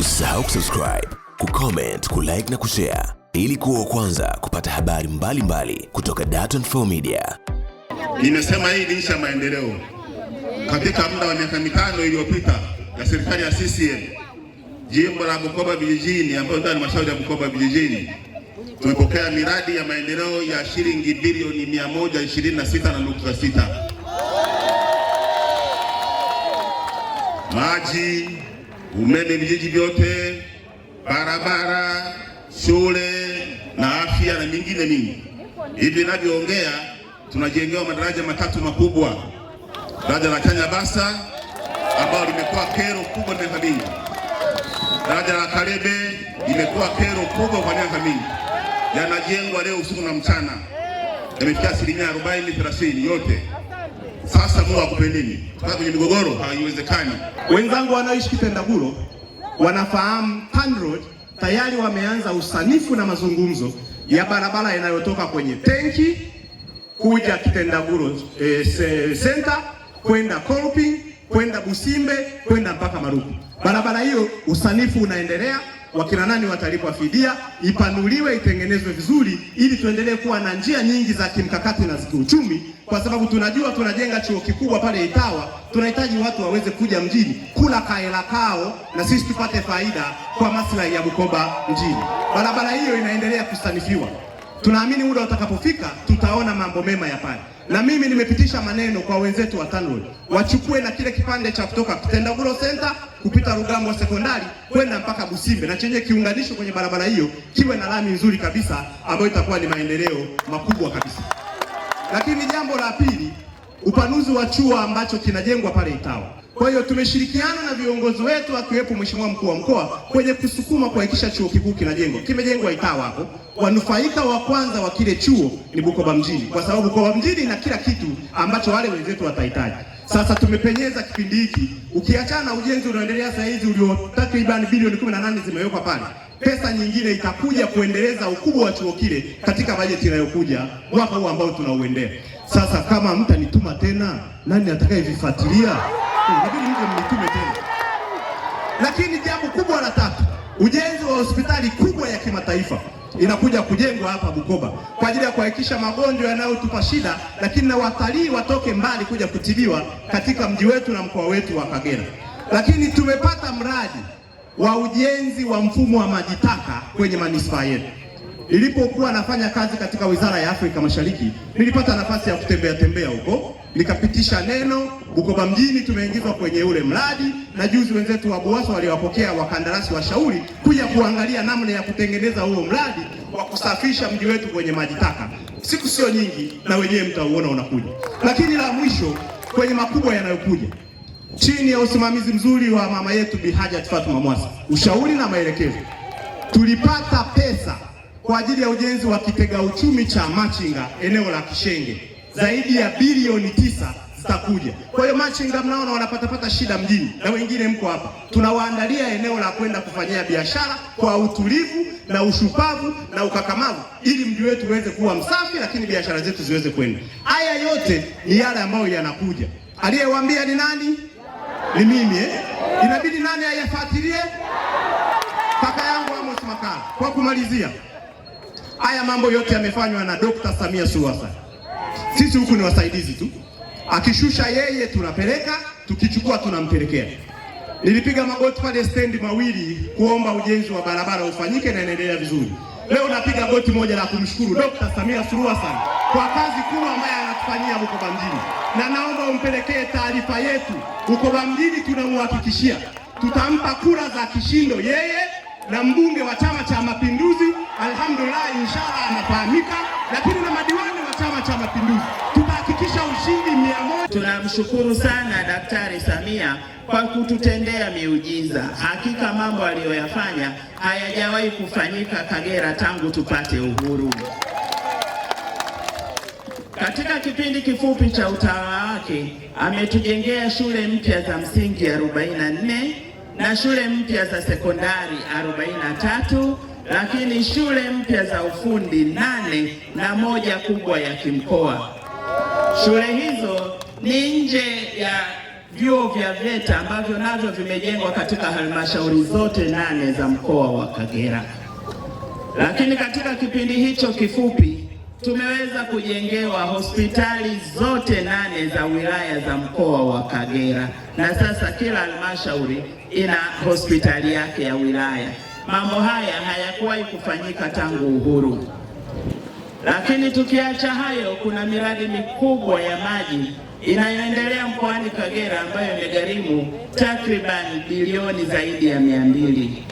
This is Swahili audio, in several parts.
Usisahau kusubscribe, kucomment, kulike na kushare ili kuwa kwanza kupata habari mbalimbali mbali kutoka Dar24 Media. Nimesema hii ni isha maendeleo katika muda wa miaka mitano iliyopita ya serikali ya CCM jimbo la Bukoba vijijini, ambayo ndio halmashauri ya Bukoba vijijini, tumepokea miradi ya maendeleo ya shilingi bilioni 126.6 maji umeme vijiji vyote, barabara, shule na afya na mingine mingi. Hivi ninavyoongea tunajengewa madaraja matatu makubwa, daraja la Chanyabasa ambalo limekuwa kero kubwa miaka mingi, daraja la Karebe limekuwa kero kubwa kwa miaka mingi, yanajengwa leo usiku na mchana, yamefikia asilimia arobaini thelathini yote sasa Mungu akupendeni kwenye migogoro, haiwezekani. Wenzangu wanaoishi Kitendaguro wanafahamu Tan Road tayari wameanza usanifu na mazungumzo ya barabara inayotoka kwenye tenki kuja Kitendaguro eh, senta center kwenda Kolping kwenda Busimbe kwenda mpaka Maruku. Barabara hiyo usanifu unaendelea, wakina nani watalipwa fidia, ipanuliwe, itengenezwe vizuri, ili tuendelee kuwa na njia nyingi za kimkakati na za kiuchumi kwa sababu tunajua tunajenga chuo kikubwa pale Itawa, tunahitaji watu waweze kuja mjini kula kaela kao na sisi tupate faida kwa maslahi ya Bukoba mjini. Barabara hiyo inaendelea kusanifiwa, tunaamini muda utakapofika tutaona mambo mema ya pale, na mimi nimepitisha maneno kwa wenzetu wa TANROADS wachukue na kile kipande cha kutoka Kitendaguro Center kupita Rugambwa Sekondari kwenda mpaka Busimbe na chenye kiunganisho kwenye barabara hiyo kiwe na lami nzuri kabisa ambayo itakuwa ni maendeleo makubwa kabisa. Lakini jambo la pili, upanuzi wa chuo ambacho kinajengwa pale Itawa. Kwa hiyo tumeshirikiana na viongozi wetu akiwepo Mheshimiwa mkuu wa mkoa kwenye kusukuma kuhakikisha chuo kikuu kinajengwa. Kimejengwa Itawa hapo. Wanufaika wa kwanza wa kile chuo ni Bukoba mjini, kwa sababu Bukoba mjini na kila kitu ambacho wale wenzetu watahitaji. Sasa tumepenyeza kipindi hiki, ukiachana na ujenzi unaoendelea sasa hivi ulio takriban bilioni 18 zimewekwa pale pesa nyingine itakuja kuendeleza ukubwa wa chuo kile katika bajeti inayokuja mwaka huu ambao tunauendea sasa. Kama mtanituma tena, nani atakayevifuatilia? Eh, inabidi mje mnitume tena. Lakini jambo kubwa la tatu, ujenzi wa hospitali kubwa ya kimataifa inakuja kujengwa hapa Bukoba kwa ajili ya kuhakikisha magonjwa yanayotupa shida, lakini na watalii watoke mbali kuja kutibiwa katika mji wetu na mkoa wetu wa Kagera. Lakini tumepata mradi wa ujenzi wa mfumo wa maji taka kwenye manispaa yetu. Nilipokuwa nafanya kazi katika Wizara ya Afrika Mashariki, nilipata nafasi ya kutembea tembea huko, nikapitisha neno Bukoba mjini tumeingizwa kwenye ule mradi, na juzi wenzetu wa BUWASA waliwapokea wakandarasi washauri kuja kuangalia namna ya kutengeneza huo mradi wa kusafisha mji wetu kwenye maji taka. Siku sio nyingi, na wenyewe mtauona unakuja. Lakini la mwisho kwenye makubwa yanayokuja chini ya usimamizi mzuri wa mama yetu Bi Hajat Fatuma Mwasa, ushauri na maelekezo, tulipata pesa kwa ajili ya ujenzi wa kitega uchumi cha machinga eneo la Kishenge, zaidi ya bilioni tisa zitakuja. Kwa hiyo machinga, mnaona wanapatapata shida mjini, na wengine mko hapa, tunawaandalia eneo la kwenda kufanyia biashara kwa utulivu na ushupavu na ukakamavu, ili mji wetu uweze kuwa msafi, lakini biashara zetu ziweze kwenda. Haya yote ni yale ambayo yanakuja. Aliyewaambia ni nani? ni mimi eh? Inabidi nani ayafuatilie? Kaka yangu Amos Makala. Kwa kumalizia, haya mambo yote yamefanywa na Dr. Samia Suluhu Hassan. Sisi huku ni wasaidizi tu, akishusha yeye tunapeleka, tukichukua tunampelekea. Nilipiga magoti pale stendi mawili kuomba ujenzi wa barabara ufanyike na inaendelea vizuri. Leo napiga goti moja la kumshukuru Dr. Samia Suluhu Hassan kwa kazi kubwa ambayo anatufanyia huko Bamjini, na naomba umpelekee taarifa yetu huko Bamjini. Tunamuhakikishia tutampa kura za kishindo yeye na mbunge wa Chama cha Mapinduzi. Alhamdulillah, inshallah anafahamika, lakini na madiwani wa Chama cha Mapinduzi tutahakikisha ushindi mia moja. Tunamshukuru sana Daktari Samia kwa kututendea miujiza. Hakika mambo aliyoyafanya hayajawahi kufanyika Kagera tangu tupate uhuru. Katika kipindi kifupi cha utawala wake ametujengea shule mpya za msingi 44 na shule mpya za sekondari 43 lakini shule mpya za ufundi nane na moja kubwa ya kimkoa. Shule hizo ni nje ya vyuo vya VETA ambavyo navyo vimejengwa katika halmashauri zote nane za mkoa wa Kagera. Lakini katika kipindi hicho kifupi tumeweza kujengewa hospitali zote nane za wilaya za mkoa wa Kagera, na sasa kila halmashauri ina hospitali yake ya wilaya. Mambo haya hayakuwahi kufanyika tangu uhuru. Lakini tukiacha hayo, kuna miradi mikubwa ya maji inayoendelea mkoani Kagera ambayo imegharimu takribani bilioni zaidi ya mia mbili.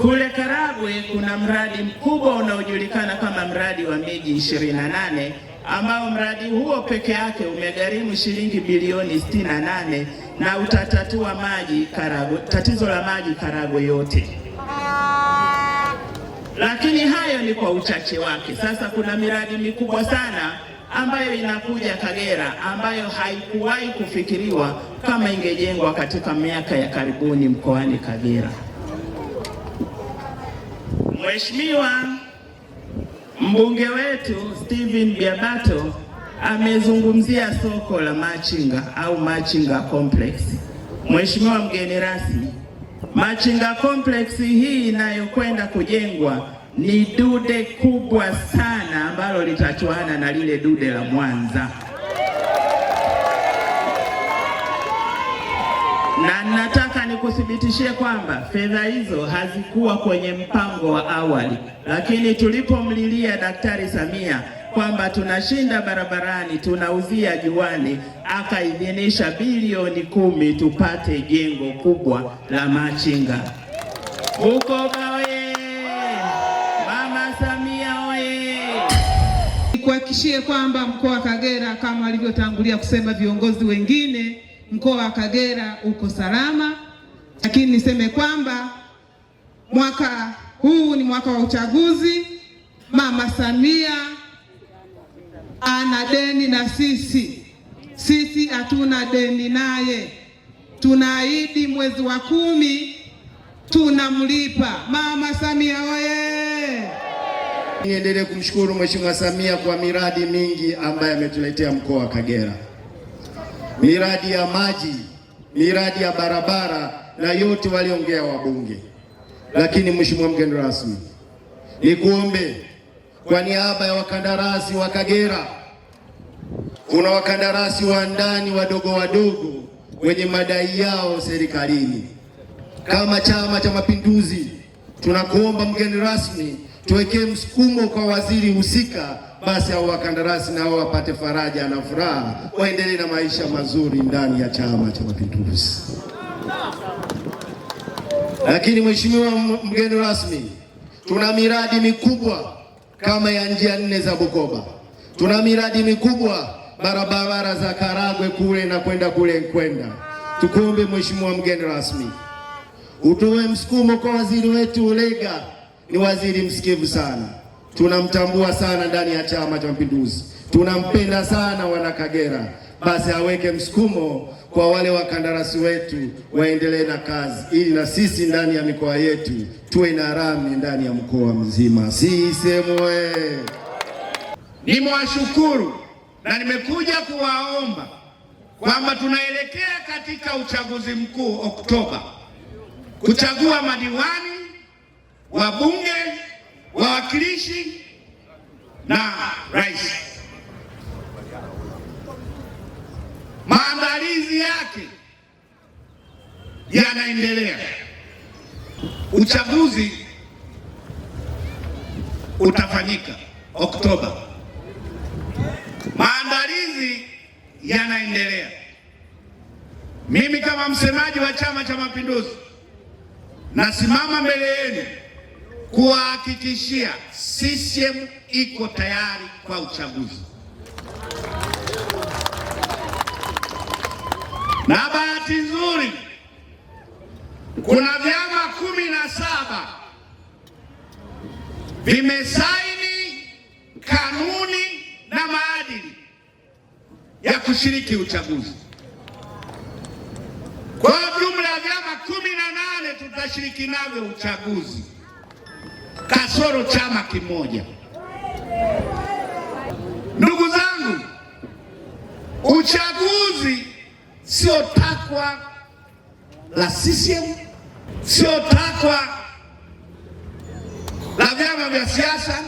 Kule Karagwe kuna mradi mkubwa unaojulikana kama mradi wa miji 28 ambao mradi huo peke yake umegharimu shilingi bilioni 68 na utatatua maji Karagwe, tatizo la maji Karagwe yote. Lakini hayo ni kwa uchache wake. Sasa kuna miradi mikubwa sana ambayo inakuja Kagera ambayo haikuwahi kufikiriwa kama ingejengwa katika miaka ya karibuni mkoani Kagera. Mheshimiwa mbunge wetu Steven Biabato amezungumzia soko la Machinga au Machinga Complex. Mheshimiwa mgeni rasmi, Machinga Complex hii inayokwenda kujengwa ni dude kubwa sana ambalo litachuana na lile dude la Mwanza. na nataka nikuthibitishie kwamba fedha hizo hazikuwa kwenye mpango wa awali, lakini tulipomlilia Daktari Samia kwamba tunashinda barabarani tunauzia juani, akaidhinisha bilioni kumi tupate jengo kubwa la machinga huko Bawe. Mama Samia oye! Nikuhakikishie kwamba mkoa wa Kagera kama alivyotangulia kusema viongozi wengine mkoa wa Kagera uko salama, lakini niseme kwamba mwaka huu ni mwaka wa uchaguzi. Mama Samia ana deni na sisi, sisi hatuna deni naye. Tunaahidi mwezi wa kumi tunamlipa. Mama Samia oye! Niendelee kumshukuru Mheshimiwa Samia kwa miradi mingi ambayo ametuletea mkoa wa Kagera miradi ya maji, miradi ya barabara, na yote waliongea wabunge. Lakini mheshimiwa mgeni rasmi, ni kuombe kwa niaba ya wakandarasi wa Kagera, kuna wakandarasi wa ndani wadogo wadogo wenye madai yao serikalini, kama Chama cha Mapinduzi Tunakuomba mgeni rasmi, tuwekee msukumo kwa waziri husika, basi au wakandarasi nao wapate faraja na furaha, waendelee na maisha mazuri ndani ya Chama cha Mapinduzi. Lakini mheshimiwa mgeni rasmi, tuna miradi mikubwa kama ya njia nne za Bukoba, tuna miradi mikubwa barabara za Karagwe kule na kwenda kule kwenda. Tukuombe mheshimiwa mgeni rasmi utoe msukumo kwa waziri wetu Ulega. Ni waziri msikivu sana, tunamtambua sana ndani ya Chama cha Mapinduzi, tunampenda sana wana Kagera. Basi aweke msukumo kwa wale wakandarasi wetu waendelee na kazi, ili na sisi ndani ya mikoa yetu tuwe na rami ndani ya mkoa mzima. Sisemu nimewashukuru na nimekuja kuwaomba kwamba tunaelekea katika uchaguzi mkuu Oktoba kuchagua madiwani, wabunge, wawakilishi na rais. Maandalizi yake yanaendelea. Uchaguzi utafanyika Oktoba. Maandalizi yanaendelea. Mimi kama msemaji wa Chama cha Mapinduzi Nasimama mbele yenu kuwahakikishia CCM iko tayari kwa uchaguzi. Na bahati nzuri kuna vyama kumi na saba vimesaini kanuni na maadili ya kushiriki uchaguzi kwa tutashiriki nawe uchaguzi, kasoro chama kimoja. Ndugu zangu, uchaguzi sio takwa la CCM, sio takwa la vyama vya siasa.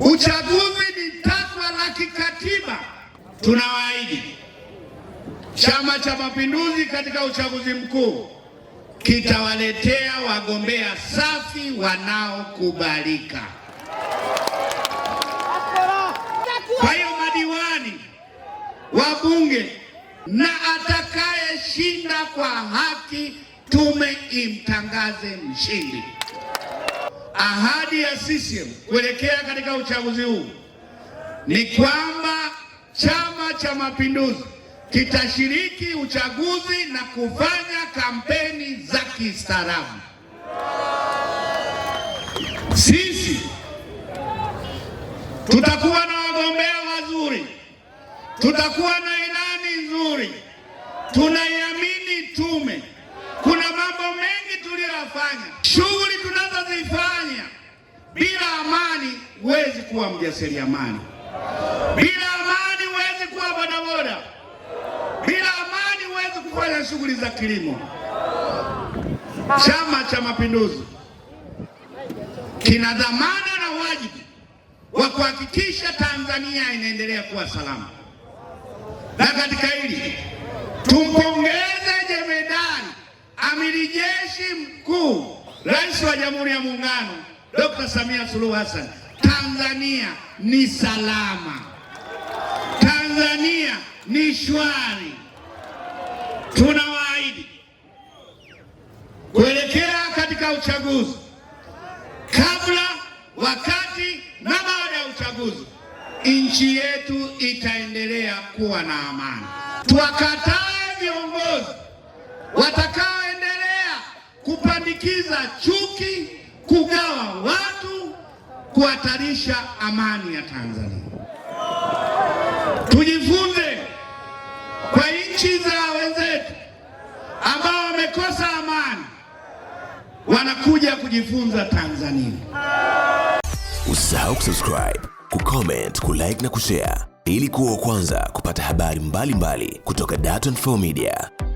Uchaguzi ni takwa la kikatiba. Tunawaahidi Chama cha Mapinduzi katika uchaguzi mkuu kitawaletea wagombea safi wanaokubalika. Kwa hiyo madiwani, wabunge na atakayeshinda kwa haki, tume imtangaze mshindi. Ahadi ya CCM kuelekea katika uchaguzi huu ni kwamba Chama cha Mapinduzi kitashiriki uchaguzi na kufanya kampeni za kistaarabu. Sisi tutakuwa na wagombea wazuri, tutakuwa na ilani nzuri, tunaiamini tume. Kuna mambo mengi tuliyoyafanya, shughuli tunazozifanya. Bila amani huwezi kuwa mjasiriamali, bila amani huwezi kuwa bodaboda hawezi kufanya shughuli za kilimo. Chama cha Mapinduzi kina dhamana na wajibu wa kuhakikisha Tanzania inaendelea kuwa salama, na katika hili tumpongeze jemedari amiri jeshi mkuu Rais wa Jamhuri ya Muungano Dr. Samia Suluhu Hassan. Tanzania ni salama, Tanzania ni shwari tunawaahidi kuelekea katika uchaguzi, kabla, wakati na baada ya uchaguzi, nchi yetu itaendelea kuwa na amani. Tuwakatae viongozi watakaoendelea kupandikiza chuki, kugawa watu, kuhatarisha amani ya Tanzania. Tujifunze kwa nchi za wenzetu wamekosa amani wanakuja kujifunza Tanzania. Usisahau kusubscribe, kucomment, kulike na kushare ili kuwa wa kwanza kupata habari mbalimbali mbali kutoka Dar24 Media.